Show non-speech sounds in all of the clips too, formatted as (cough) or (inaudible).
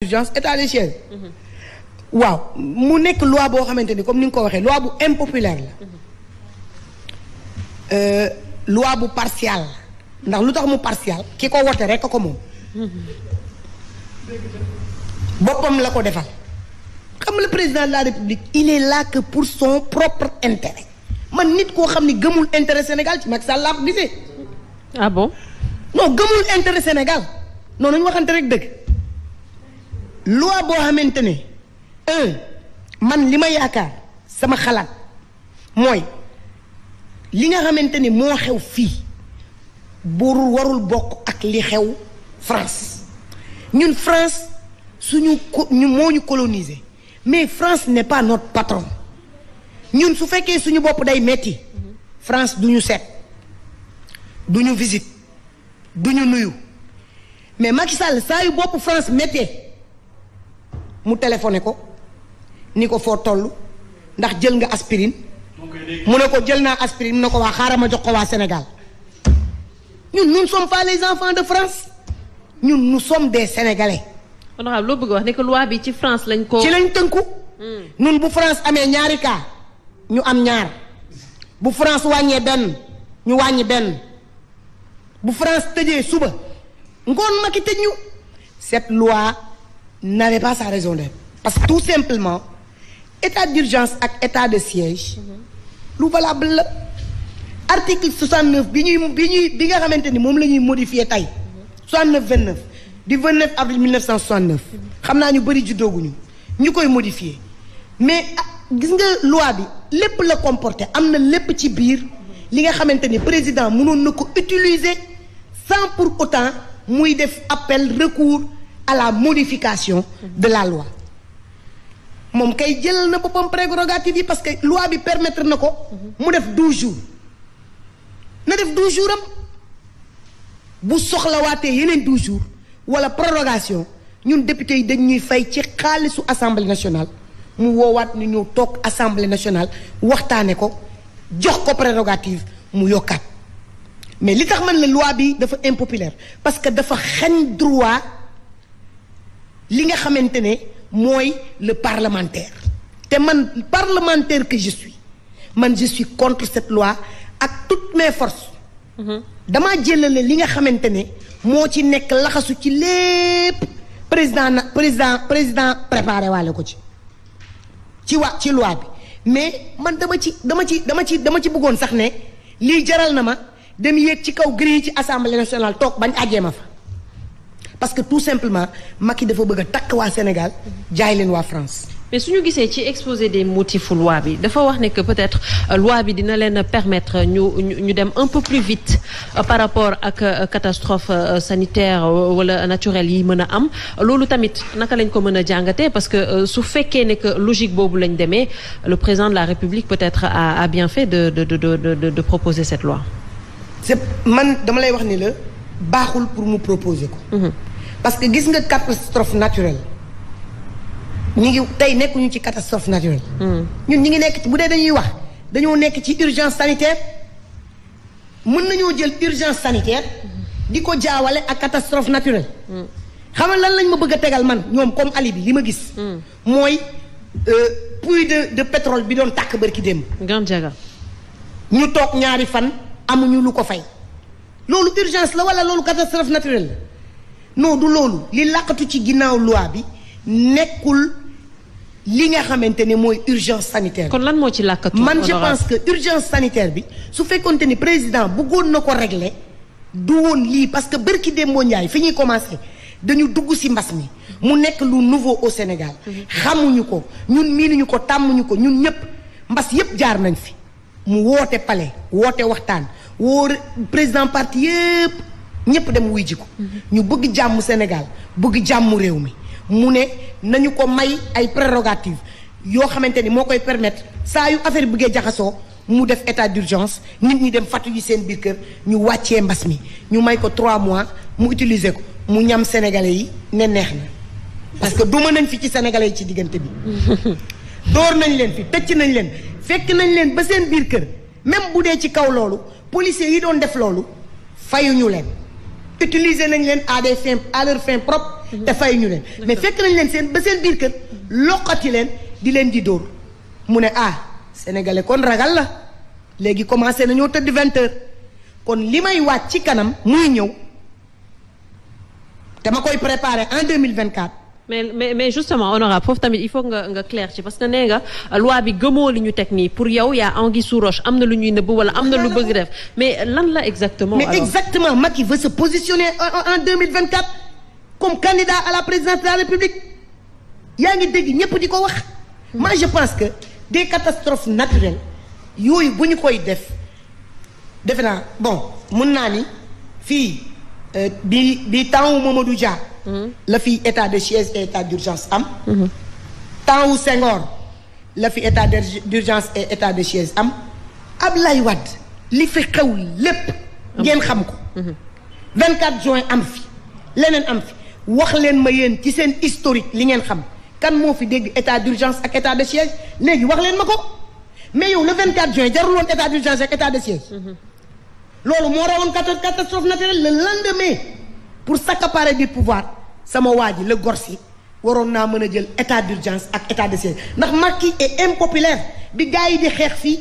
urgence état des waaw mu nekk loi boo xamante ni comme ni nga ko waxee loi bu impopulaire la euh, loi bu partial ndax lu tax mu partial ki ko wote rek ko moom boppam la ko defal xam nga président de la république il est là que pour son propre intérêt man nit koo xam ni gëmul intérêt Sénégal ci mag Sall laa ko gisee ah bon non gëmul intérêt Sénégal noonu nañu waxante rek dëgg loi boo xamante ne man li ma yaakaar sama xalaat mooy li nga xamante ne moo xew fii bu warul bokk ak li xew France ñun France suñu ñu moo ñu coloniser mais France n'est pas notre patron ñun su fekkee suñu bopp day metti France du ñu seet duñu ñu duñu nuyu mais Macky Sall saa yu bopp France méttee mu téléphoné ko ni ko foo toll ndax jël nga aspirine mu ne ko jël naa aspirine mu ne ko waa xaaral ma jox ko waa Sénégal ñun nous ne sommes pas les de France ñun nous sommes des Sénégalais. loo bëgg wax ne que loi bi ci France lañ ko. ci lañu tënku. Hmm. ñun bu France amee ñaari cas ñu am ñaar bu France wàññee benn ñu wàññi benn bu France tëjee suba ngoon Macky tëj ñu cette loi. n'avait pas sa raison d'être parce que tout simplement état d'urgence ak état de siège lu valable la article 69 bi ñuy bi ñuy bi nga xamante ni moom la ñuy modifié tey 69 29 du 29 avril 1969 xam naa ñu bëri juddooguñu ñu koy modifié mais ah, gis nga loi bi lépp la comporté am na lépp ci biir li nga xamante ni président mënoon na ko utiliser sans pour autant muy def appel recours à la modification de la loi moom kay jël na boppam prérogative yi parce que loi bi permettre na ko mu def douze jours na def douze jours am bu soxlawaatee yeneen dou jours wala prorogation ñun député yi dañ ñuy fay ci xaalisu assemblée nationale mu woowaat ñu toog assemblée nationale waxtaane ko jox ko prérogative mu yokkaat mais li tax man la loi bi dafa impopulaire parce que dafa xañ droit li nga xamante ne mooy le parlementaire te man parlementaire que je suis man je suis contre cette loi ak toutes mes forces mhm. dama jëlale li nga xamante ne moo ci nekk laxasu ci lépp président na président président préparé waale ko ci ci wa ci loi bi mais man dama ci dama ci dama ci dama ci bëggoon sax ne lii jaral na ma dem yéeg ci kaw grille ci assemblée nationale toog bañ àjjee ma fa parce que tout simplement yi dafa bëgg a takk waa Sénégal jaay leen waa France. mais su ñu gisee ci exposé des motifs loi bi dafa wax ne que peut-être euh, loi bi dina leen permettre ñu ñu dem un peu plus vite euh, par rapport ak euh, catastrophe sanitaire wala naturelle yi mën a am loolu tamit naka lañ ko mën a jàngatee parce que su fekkee ne que logique boobu lañ demee le président de la République peut-être a bien fait de de de de de proposer cette loi. man dama lay wax ni la baaxul pour mu proposer ko. Mm-hmm. parce que gis nga catastrophe naturelle ñu ngi tey nekkuñu ci catastrophe naturelle. Hmm. ñun ñu ngi nekk ci bu dee dañuy wax dañoo nekk ci urgence sanitaire mën nañoo jël urgence sanitaire di ko jaawale ak catastrophe naturelle. Hmm. xam nga lan lañ ma bëgg a tegal man ñoom comme ali bi li ma gis. Hmm. mooy euh, puits de de pétrole bi doon takk bërki démb. Gandiaga. ñu toog ñaari fan amuñu lu ko fay. loolu urgence la wala loolu catastrophe naturel la. non du loolu li làqatu ci ginnaaw loi bi nekkul li nga xamante ni mooy urgence sanitaire. kon lan moo ci làqatu man je pense que urgence sanitaire bi su fekkonte ni président bëggoon na ko régler du woon lii parce que bërki démboo Ndiaye fi ñuy commencé dañu dugg ci mbas mi mu nekk lu nouveau au Sénégal. xamuñu ko ñun miinuñu ko tàmmuñu ko ñun ñëpp mbas yëpp jaar nañ fi mu woote pale woote waxtaan woo président parti yëpp. ñëpp dem wuy ji ko. ñu bëgg jàmm Sénégal bëgg jàmm réew mi mu ne nañu ko may ay prérogative yoo xamante ni moo koy permettre saa yu affaire bëggee jaxasoo mu def état d'urgence nit ñi dem fàttu yi seen biir kër ñu wàccee mbas mi ñu may ko trois mois mu utiliser ko mu ñam sénégalais yi ne neex na parce que duma nañ fi ci sénégalais yi ci diggante bi. (laughs) door nañ leen fi tëcc nañ leen fekk nañ leen ba seen biir kër même bu dee ci kaw loolu policiers yi doon def loolu fayuñu leen. utiliser nañ leen à des fins à leur fin propre mhm. te fay ñu leen mais fekk nañ leen seen ba seen biir kër loqati leen di leen di dóor mu ne ah sénégalais kon ragal la léegi commencé nañoo tëdd vingt heures kon li may wàcc ci kanam muy ñëw dama koy préparer en deux mille vingt quatre mais mais mais justement honorable foofu tamit il faut nga nga clair ci parce que nee nga loi bi gëmoo li ñu teg nii pour yow yaa anguille sous roche am na lu ñuy nëbb wala am na lu bëgg def mais lan la exactement. mais exactement Macky veut se positionner en en deux mille vingt quatre comme candidat à la présidence de la République yaa ngi dégg ñëpp di ko wax. moi je pense que des catastrophes naturelles yooyu bu ñu koy def defe naa bon mun naa ni Euh, bi bi temps wu du Dia. Mhm. la fi état de siège et état d'urgence am. Mhm. temps wu Senghor la fi état d'urgence et état de siège am ab lay Wade li fi xew lépp. ngeen xam ko. 24 mhm. juin am fi leneen am fi wax leen ma yéen ci seen historique li ngeen xam kan moo fi dégg état d'urgence ak état de siège léegi wax leen ma ko mais yow le 24 juin jarul état d'urgence ak état de siège. loolu moo rawoon catastrophe naturelle le lendemain pour s'accaparer du pouvoir sama waa ji la Gorsi waroon naa mën a jël état d'urgence ak état de siège ndax Macky est impopulaire bi gars yi di xeex fii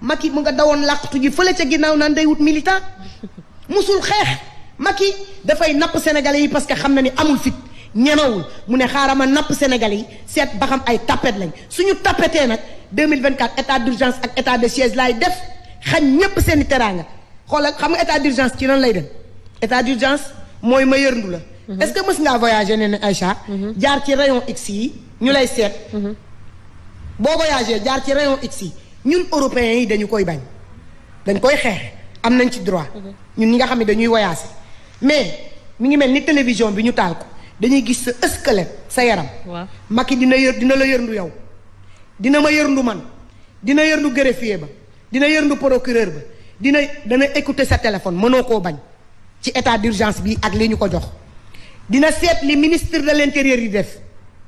Macky mu nga dawoon làqatu ji fële ca ginnaaw naan day wut militant musul xeex Macky dafay napp sénégalais yi parce que xam na ni amul fit ñemewul mu ne xaaral ma napp sénégalais yi seet ba xam ay tapet lañ suñu tapetee nag 2024 état d'urgence ak état de siège laay def xañ ñépp seen i xool xoolal xam nga état d'urgence ci lan lay dem état d'urgence mooy ma yërndu la. Mhm. est-ce que mës ngaa voyager nee na Aïcha. Mhm. jaar ci rayon X yi ñu lay seet. Mhm. boo voyager jaar ci rayon X yi ñun européens yi dañu koy bañ dañ koy xeex am nañ ci droit. ñun ñi nga xam ne dañuy voyager mais mu ngi mel ni télévision bi ñu taal ko dañuy gis sa squelette sa yaram. waaw yi dina yër dina la yërndu yow. dina ma yërndu man dina yërndu greffier ba dina yërndu procureur ba. dina dana écouter sa téléphone mënoo koo bañ ci état d'urgence bi ak li ñu ko jox dina seet li ministre de l'intérieur yi def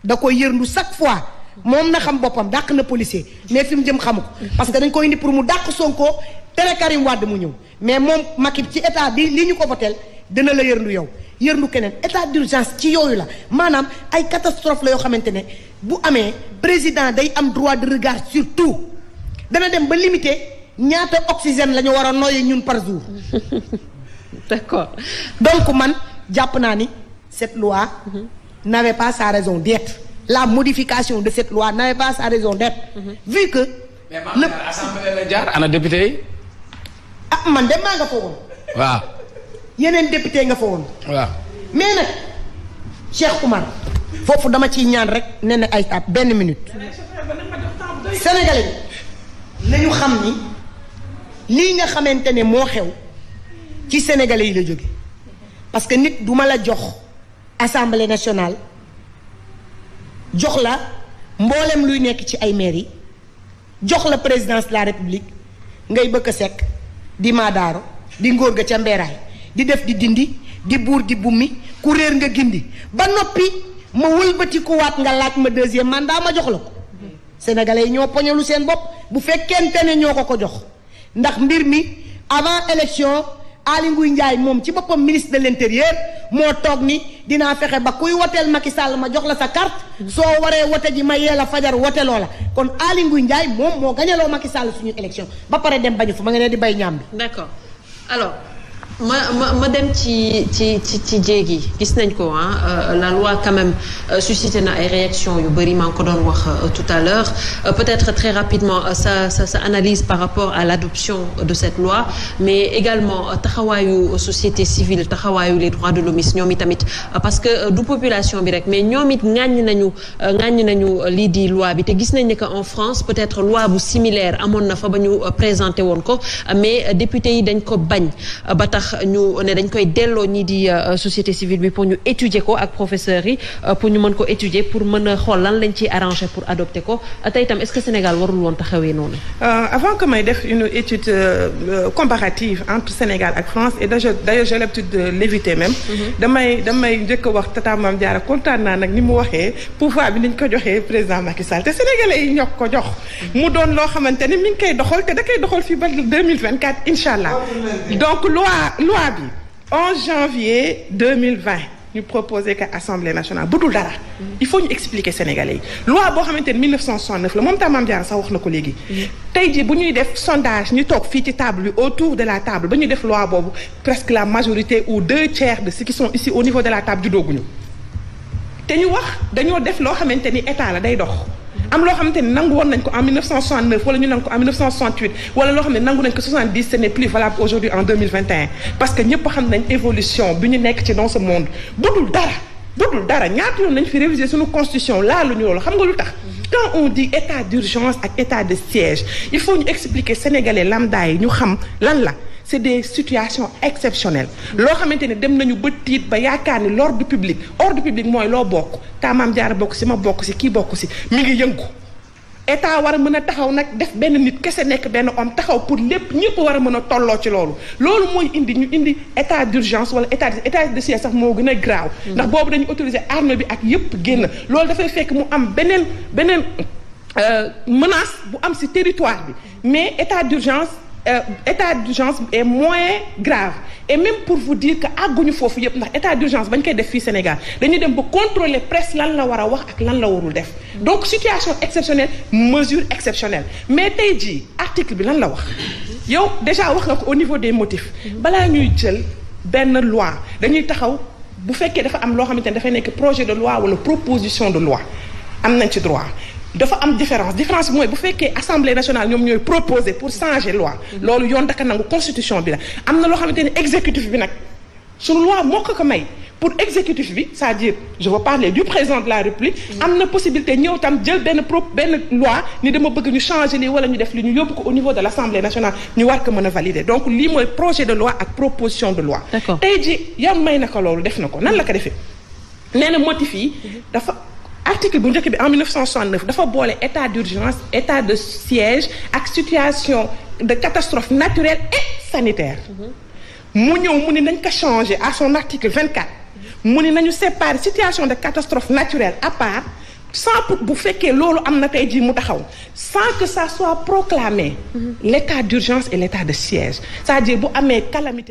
da koy yërndu chaque fois moom na xam boppam dàq na policier mais fi mu jëm xamu ko parce que dañ koy indi pour mu dàq Sonko tere Karim Wade mu ñëw mais moom Macky ci état bi li ñu ko voteel dana la yërndu yow yërndu keneen état d'urgence ci yooyu la maanaam ay catastrophe la yoo xamante ne bu amee président day am droit de regard sur tout dana dem ba limiter ñaata oxygène la ñu war a ñun par jour. (laughs) d'accord donc man jàpp naa ni cette loi. Mhm. n'avait pas sa raison d'être. la modification de cette loi n'avait pas sa raison d'être. Mhm. vu que. mais ana député yi. ah man dem maa nga fa woon. waaw. yeneen député nga fa woon. waaw mais nag Cheikh Oumar. foofu dama ciy ñaan rek nee na ay at benn minute. Sénégalais bi xam ni. lii nga xamante ne moo xew ci sénégalais yi la jóge parce que nit du ma la jox assemblée national jox la mboolem luy nekk ci ay maires yi jox la présidence de la république ngay bëgg sekk di maadaaro di ngóor ga ca mbeeraay di def di dindi di buur di bummi ku réer nga gindi ba noppi ma wëlbati ku nga laaj ma deuxième mandat ma jox la ko mm-hmm. sénégalais yi ñoo poñalu seen bopp bu fekkente ne ñoo ko ko jox ndax mbir mi avant élection Aly Ngouille Ndiaye moom ci boppam ministre de l'intérieur moo toog ni dinaa fexe ba kuy woteel Macky Sall ma jox la sa carte soo waree wote ji ma yee la fajar wote loola kon Aly Ngouille Ndiaye moom moo gañaloo Macky Sall suñu élection ba pare dem bañu fa ma nga ne di bay ñaam bi d'accord alors ma ma ma dem ci ci ci ci yi gis nañ ko ah la loi quand même euh, suscité na ay réactions yu bëri maa ngi ko doon wax euh, tout à l'heure peut-être très rapidement sa sa sa analyse par rapport à l'adoption de cette loi mais également taxawaayu société civile taxawaayu les droits de l'homme ñoom itamit parce que du population bi rek mais ñoom it ŋàññ nañu ŋàññ nañu lii di loi bi te gis nañ ne que en France peut-être loi bu similaire amoon na fa ba ñu présenté woon ko mais député yi dañ ko bañ tax ñu ne dañ koy delloo ñii di euh, société civile bi pour ñu étudier ko ak professeurs yi euh, pour ñu mën ko étudier pour mën a xool lan lañ ciy arrangé pour adopter ko tey tam est-ce que Sénégal warul woon taxawee noonu. Euh, avant que may def une étude comparative entre Sénégal ak France et d'ailleurs j'ai l'habitude de l'éviter même. Mhm. damay damay njëkk a wax tata Mame Diarra kontaan naa nag ni mu waxee pouvoir bi niñ ko joxee président Macky Sall te sénégalais yi ñoo ko jox. mu doon loo xamante ni mi ngi koy doxal te da koy doxal fii ba deux mille vingt quatre incha allah donc loi loi bi 11 janvier 2020 ñu proposé que assemblée nationale bu dul dara. il faut ñu expliquer sénégalais yi. boo xamante ni 1969 la moom tam Mame Diarra sax wax na ko léegi. tey jii bu ñuy def sondage ñu toog fii ci table bi autour de la table ba ñu def loi boobu presque la majorité ou deux tiers de ceux qui sont ici au niveau de la table juddooguñu. te ñu wax dañoo def loo xamante ni état la day dox. am loo xamante ni nangu woon nañ ko en 1969 wala ñu nangu ko en 1968 loo xam ne nangu nañ ko 70 ce n'est plus valable aujourd'hui en parce que ñëpp xam nañ évolution bi ñu nekk ci dans ce monde bu dul dara bu dul dara ñaata yoon nañ fi réviser suñu constitution laa lu ñu loolu xam nga lu tax quand on dit état d'urgence ak état de siège il faut ñu expliquer sénégalais lambda yi ñu xam lan la c' est des situations exceptionnelles loo xamante ne dem nañu bët tiit ba yaakaar ni l' ordre public ordre mooy loo bokk taamaam jaara bokk si ma bokk si kii bokk si mu ngi yënku état war a mën a taxaw nag def benn nit kese nekk benn homme taxaw pour lépp ñëpp war a mën a tolloo ci loolu loolu mooy indi ñu indi état d'urgence wala état état de siège sax moo gën a graaw mm-hmm. ndax boobu dañu autoriser arme bi ak yëpp génn loolu dafay fekk mu am beneen beneen euh, menace bu am si territoire bi mm-hmm. mais état Euh, état d'urgence est moins grave et même pour vous dire que àgguñu foofu yëpp ndax état d'urgence bañ koy def fii Sénégal dañuy dem ba contrôler presse lan la war a wax ak lan la warul def donc situation exceptionnelle mesure exceptionnelle mais tey jii article bi lan la wax yow déjà wax nga ko au niveau des motifs balaa ñuy jël benn loi dañuy taxaw bu fekkee dafa am loo xamante ne dafay nekk projet de loi wala proposition de loi am nañ ci droit dafa am différence différence bi mooy bu fekkee assemblée nationale ñoom ñooy proposer pour changer loi mhm. loolu yoon daka nangu constitution bi la am na loo xamante ni exécutif bi nag suñu loi moo ko ko may pour exécutif bi c'est-à-dire je veux parler du président de la république mhm. am na possibilité ñëw tam jël benn pro benn loi ni dama bëgg ñu changer lii wala ñu def li ñu yóbbu ko au niveau de l'assemblée nationale ñu war ko mën a valider donc lii mooy projet de de loi tey ji may na ko loolu def na ko nan la ko defee mhm. article bu njëkk bi en 1969 dafa boole état d'urgence état de siège ak situation de catastrophe naturelle et sanitaire mu ñëw mu ni nañ ko changer à son article 24 mu ni nañu séparer situation de catastrophe naturelle à part sans pour bu fekkee loolu am na tey jii mu taxaw sans que ça soit proclamé mm-hmm. l'état d'urgence et l'état de siège cest dire bu amee calamité